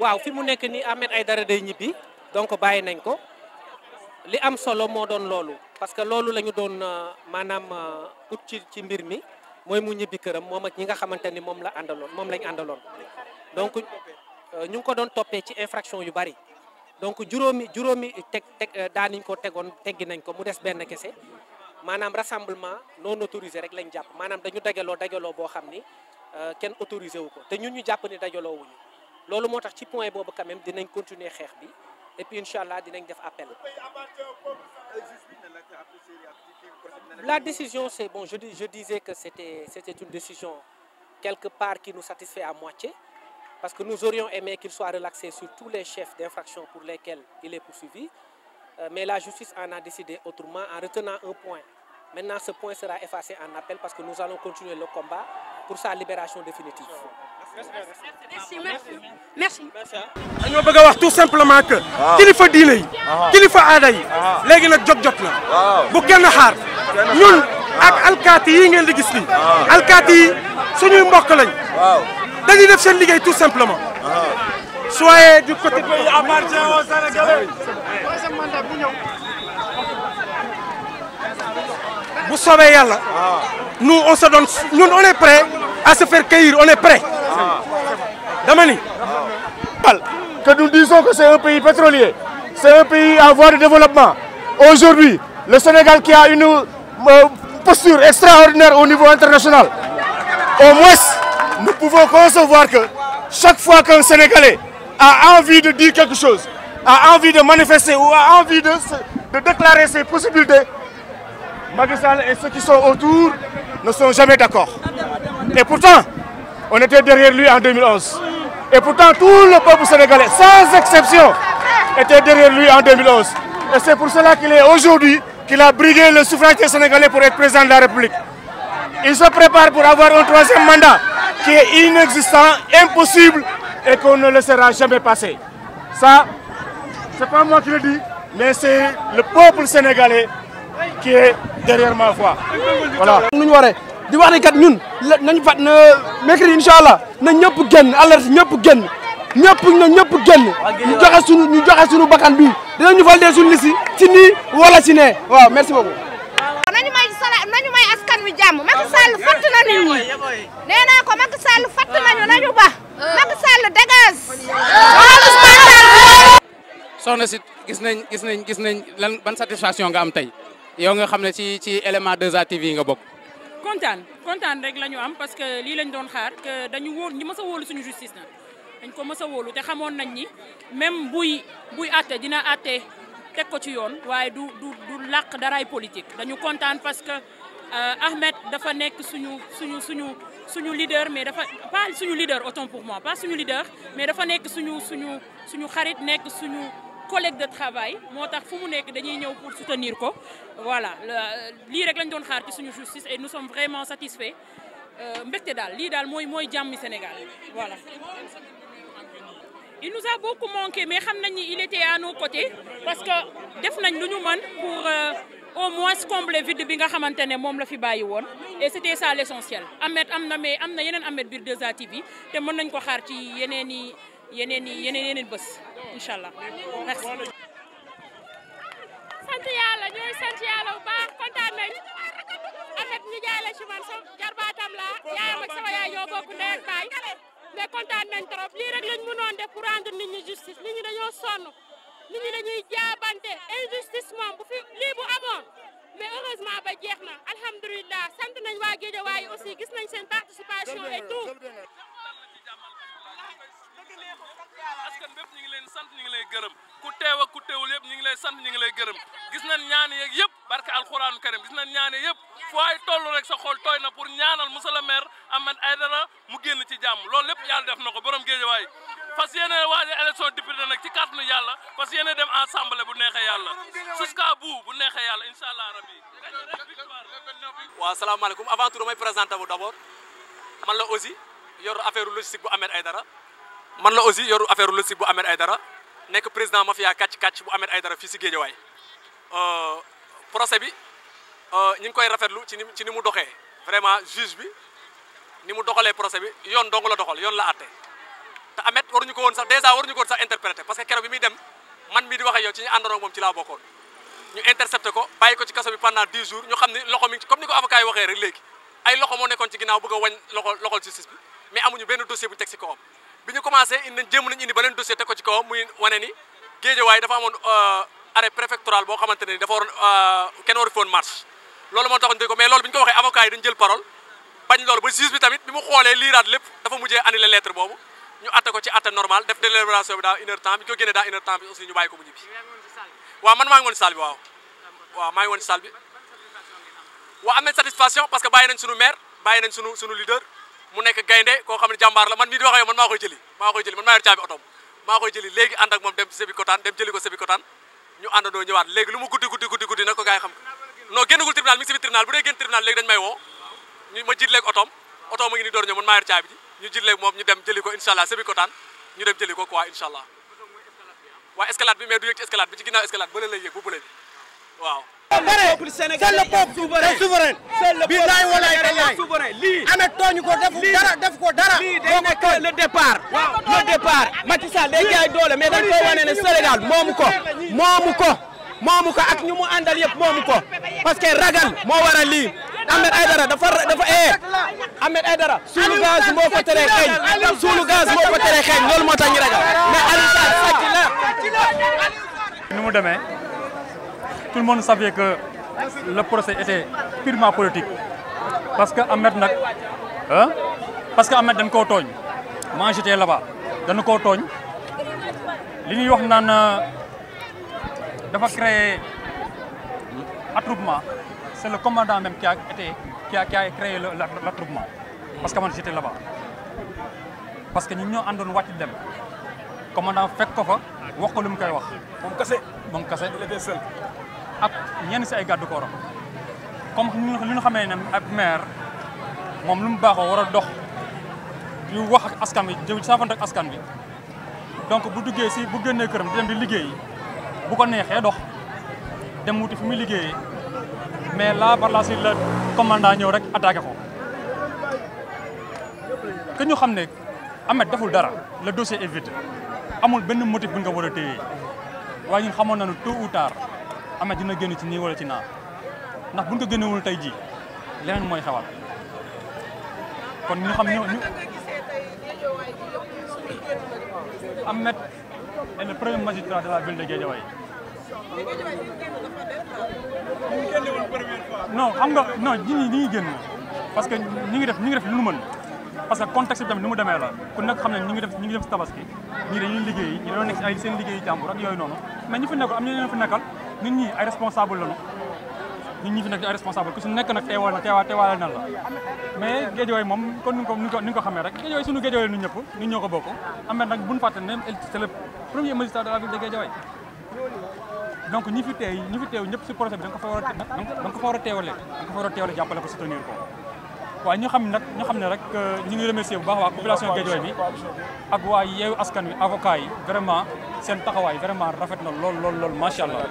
waaw fi mu nekk nii Ahmed Aïdara day ñibbi donc bàyyi nañ ko li am solo moo doon loolu parce que loolu la ñu doon euh, maanaam euh, ut ci ci mbir mi mooy mu ñibbi këram moom ak ñi nga xamante ni moom la àndaloon moom lañ àndaloon donc euh, ñu ngi ko doon toppee ci infraction yu bari donc juróomi juróomi teg teg daaniñ ko tegoon teggi nañ ko mu des benn kese maanaam rassemblement non autorisé rek lañ jàpp maanaam dañu dajaloo dajaloo boo xam ni kenn autorisé wu ko te ñun ñu jàpp ni dajaloo loolu moo tax ci point boobu quand dinañ continuer xeex bi et puis dinañ def appel. la décision c'est bon je dis je c'était une décision quelque part qui nous satisfait à moitié parce que nous aurions aimé qu'il soit relaxé sur tous les chefs d'infraction pour lesquels il est poursuivi euh, mais la justice en a décidé autrement en retenant un point Maintenant, ce point sera effacé en appel parce que nous allons continuer le combat pour sa libération définitive. merci merci merci. dañoo bëgg a wax tout simplement que. kilifa diine yi. kilifa aada yi. léegi nag jot jot na. bu kenn xaar. ñun ak alkaati yi ngeen di gis nii. alkaati yi suñuy mbokk lañ. dañuy def seen liggéey tout simplement. soyez du côté. appartient aux Sénégalais. bu soobee yàlla nous on se donne ñun à se faire cueillir on est prêt dama que nous disons que c'est un pays pétrolier c'est un pays en voie de développement aujourd'hui le Sénégal qui a une euh, posture extraordinaire au niveau international au moins nous pouvons concevoir que chaque fois qu'un Sénégalais a envie de dire quelque chose a envie de manifester ou a envie de déclarer ses possibilités Macky Sall et ceux qui sont autour ne sont jamais d'accord. Et pourtant, on était derrière lui en Et pourtant, tout le peuple sénégalais, sans exception, était derrière lui en Et c'est pour cela qu'il est aujourd'hui qu'il a brigué le suffrage sénégalais pour être président de la République. Il se prépare pour avoir un troisième mandat qui est inexistant, impossible et qu'on ne laissera jamais passer. Ça, c'est pas moi qui le dis, mais c'est le peuple sénégalais qui est derrière ma foi voilà. nu ñu waree di wax ni kat ñun nañu fat na mercredi incha allah na ñëpp genn alerte ñëpp genn ñëpp na ñëpp génn ñu joxe suñu ñu joxe suñu bakkan bi dinañu valider suñu liste ci nii wala ci nee waaw merci beaucoup. nañu may askan wi jàmm Macky Sall fatt na nit ñi nee ko Macky Sall fatt nañu nañu ba Macky Sall dégage. soxna si gis nañ gis nañ gis nañ lan ban satisfaction nga am tey. yow nga xam ne ci ci élément 2A nga bokk. kontaan kontaan rek lañu am parce que lii lañ doon xaar que dañu wóor ñi mës a wóolu suñu justice na dañ ko mës a wóolu te xamoon nañ ni même buy buy àtte dina àtte teg ko ci yoon waaye du du du làq daraay politique dañu kontaan parce que euh, Ahmed dafa nekk suñu suñu suñu suñu leader mais dafa pas suñu leader autant pour mais dafa nekk suñu suñu suñu xarit nekk suñu collègue de travail moo tax fu mu nekk dañuy ñëw pour soutenir ko voilà lii rek lañ doon xaar ci suñu justice et nous sommes vraiment satisfaits euh, mbégte daal lii daal mooy mooy jàmmi Sénégal voilà. il nous a beaucoup manqué mais xam nañ ni il était à nos parce que def nañ lu ñu man pour euh, au moins combler vide bi nga xamante ne moom la fi bàyyi woon et c' était ça l' essentiel Ahmed am na mais am na yeneen Ahmed biir 2A TV te mën nañ ko xaar ci yeneen i. yeneen yi yeneen yeneen bés incha allah ñooy sant yàlla bu baax kontaan nañ affaire ñu jaay la ci man sama jarbaatam laa yaayam ak sama yaay ñoo bokk ndey ak baay kontaan nañ trop lii rek lañ mënoon def pour rendre nit ñi justice nit ñi dañoo sonn nit ñi dañuy jaabante injustice bu fi lii bu amoon mais heureusement ba na alhamdulilah sant nañ waa Guédiawaye aussi gis nañ seen participation et tout. askan bépp ñu ngi leen sant ñu ngi lay gërëm ku teew ak ku teewul yëpp ñu ngi lay sant ñu ngi lay gërëm gis nañ ñaan yeeg yëpp barke alxuraanu karim gis nañ ñaan yeeg yëpp fu ay toll rek sa xol tooy na pour ñaanal monsieur le maire Ahmed Aïdara mu génn ci jàmm loolu lépp yàlla def na ko borom géejawaay fas yéene waaje élection député nag ci kàttanu yàlla fas yéene dem assemblée bu neexee yàlla jusqu'à bout bu neexee yàlla incha allah rabbi waaw salaamaaleykum avant tout damay présenté bu d'abord man la yor affaire logistique bu Ahmed Aïdara man la aussi yoru affaire logistique bu Ahmed dara nekk président mafia kàcc kàcc bu Ahmed Aïdara fii si Géejawaay euh, procès bi euh, ñu ngi koy rafetlu ci ni ci ni mu doxee vraiment juge bi ni mu doxalee procès bi yoon dong la doxal yoon la àtte te Ahmed waruñu ko woon sax dèjà waruñu ko woon sax interprété parce que keroog bi muy dem man mii di waxee yow ci ñu àndoon ak moom ci laa bokkoon ñu intercepté ko bàyyi ko ci kaso bi pendant 10 jours ñu xam ni loxo mi comme ni ko amuñu benn dossier bu teg si kawam bi ñu commencé indi jéem nañu indi beneen dossier teg ko ci kawam muy wane ni géejawaay dafa amoon euh, arrêt préfectoral boo xamante ne dafa waroon euh, kenn waru foon marche loolu moo tax dégg mais loolu bi ñu ko waxee avocat yi dañu jël parole bañ loolu bi tamit mu xoolee liiraat lépp dafa mujjee annulé lettre boobu ñu atte ko ci atte normal def délibération bi daa une heure temps bi ñu ko génnee daa une heure temps bi aussi ñu bàyyi ko mu ñibbi waaw man maa ngi woon ci salle bi waaw waaw maa ngi woon ci salle bi waaw am nañ bàyyi nañ sunu maire bàyyi mu nekk gaynde ko xam ne jàmbaar la man mii di wax yow man maa koy jëli maa koy jëli man maa yor caabi otoom maa koy jëli léegi ànd moom dem Sébikotane dem jëli ko Sébikotane ñu ko gars yi xam non génnagul tribunal mi ngi si biir tribunal bu dee génn tribunal léegi dañ may woo ñu ma jiit léegi otoom otoom ma ngi ni door ñëw man maa yor moom dem jëli ko incha allah Sébikotane ñu dem jëli ko quoi incha allah waaw escalade bi mais du yëg ci escalade bi ci ginnaaw escalade bële lay yëg bu bële bi waaw c'est le peuple souverain billaay walaay talaay ana tooñu ko defu dara def ko dara boo ko tooñ le départ le départ Macky Sall jaay doole mais dañ koy wane ne Sénégal ko moomu ko ak ñu mu àndal yëpp moomu ko parce que ragal moo waral lii Ahmed Aidara dafa ee eh. Ahmed Aidara suulu gaz moo ko teree xeeñ suulu moo ko ragal mais Aliou Sall sàcc la ni mu demee tout le monde savait que le procès était purement politique parce que Ahmed nag parce que Ahmed dañ koo tooñ moi j'étais là-bas koo tooñ li ñuy wax naan euh, dafa créer attroupement c'est le commandant même qui a été qui a qui a créé parce que man j'étais là parce que ñun ñoo àndoon wàcc dem commandant fekk ko fa wax ko lu mu koy wax ak ñenn si ay gàddu kooram comme li ñu xamee ne ak maire moom lu mu baaxoo war a dox yu wax ak askan bi jëm saafante ak askan bi donc bu duggee si bu génnee këram di dem di liggéey bu ko neexee dox dem wuti fi muy liggéeyee mais là par là si la commandant ñëw rek attaqué ko que ñu xam ne Ameth deful dara la dossier est amul benn motif bi nga war a téye waaye ñun xamoon nañu tôt ou tard. ama dina génn ci nii wala ci naa ndax buñ ko génnewul tey jii leneen mooy xewal kon ñu xam ñu Ahmed est le premier magistrat de la ville de Guédiawaye non xam nga non ñi ñi ñi ngi génn parce que ñi ngi def ñi mën parce que contexte bi tamit ni mu demee la ku nekk xam ne ñi ngi def ñi ngi def si tabaski ñii dañuy liggéey ñi dañoo nekk ay seen liggéey jàmbur ak yooyu noonu mais ñu fi nekk am na ñoo fi nekkal nit ñi ay responsable lañu nit ñi fi nekk ay responsable ku si nekk nag teewal na teewal teewal na la mais géejooy moom kon ni ko ni ñu ko xamee rek géejooy suñu géejooy nu ñëpp nit ñoo ko bokk am na nag bu ñu fàtte ne c'est le premier magistrat de la ville de Guédiawaye donc ñi fi teew ñi fi teew ñëpp si projet bi da nga ko fa war a da nga ko fa war a teewalee da nga ko fa war a teewalee jàppale ko soutenir ko waaw ñu xam nag ñu xam ne rek euh, ñu ngi remercier bu baax waa population Guédiawaye bi ak waa yeewu askan wi avocat yi vraiment seen taxawaay vraiment rafet na lool lool lool macha allah.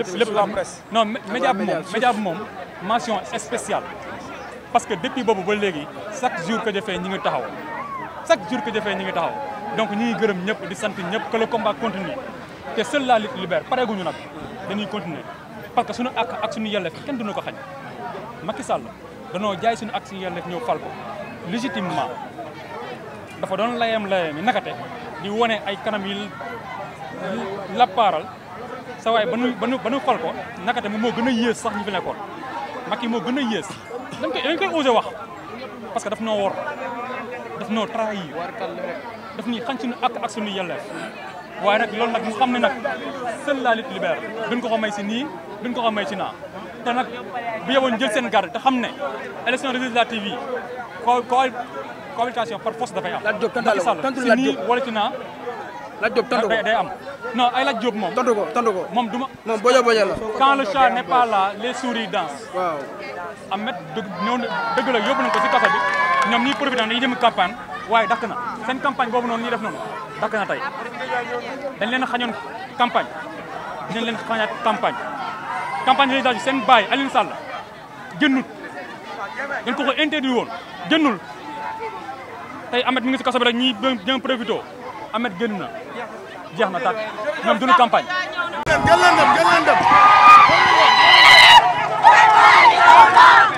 lépp lépp la presse. non média bi moom média bi moom mention spéciale. parce que depuis boobu ba léegi chaque jour que jëfee ñi ngi taxaw chaque jour que jëfee ñi ngi taxaw donc ñi ngi gërëm ñëpp di sant ñëpp que le combat continue te seul la lutte libère pareeguñu nag dañuy continuer parce que suñu ak ak suñu yelleef kenn duñu ko xañ Macky Sall danoo jaay suñu ak suñu yelleef ñëw fal ko légitimement dafa doon layam layam yi nakate di wone ay kanam yi lappaaral sa waay ba nu ba nu ba nu ko nakate mu moo gën a yées sax ñu fi nekkoon Macky moo gën a yées dañ koy dañ wax parce que daf noo wor daf noo trahir daf ñuy xañ nu ak ak suñu yelleef waaye nag loolu nag mu xam ne nag seule la lutte libère duñ ko ko may si nii duñ ko ko may si naa te nag bu yowoon jël seen garde te xam ne élection législative yi ko ko cohabitation par force dafay am. Lat Diop la tontu la day am non ay Lat Diop moom. tontu ko tontu moom du ma. moom bojo bojo le chat n'est pas là les souris dansent. waaw. Ahmed na dëgg la yóbbu nañu ko si kaso bi ñoom ñuy profité dañuy dem campagne waaye dakk na seen campagne boobu noonu ñuy def noonu dakk na tey dañ leen a xañoon campagne dinañ leen xañaat campagne campagne résultat bi seen bàyyi Alioune Sall génnut dañ ko ko interdit woon génnul tey Ameth mi ngi si kaso bi rek ñi ñoom profito Ameth génn na jeex na tàkk ñoom duñu campagne. gën leen dem gën leen dem.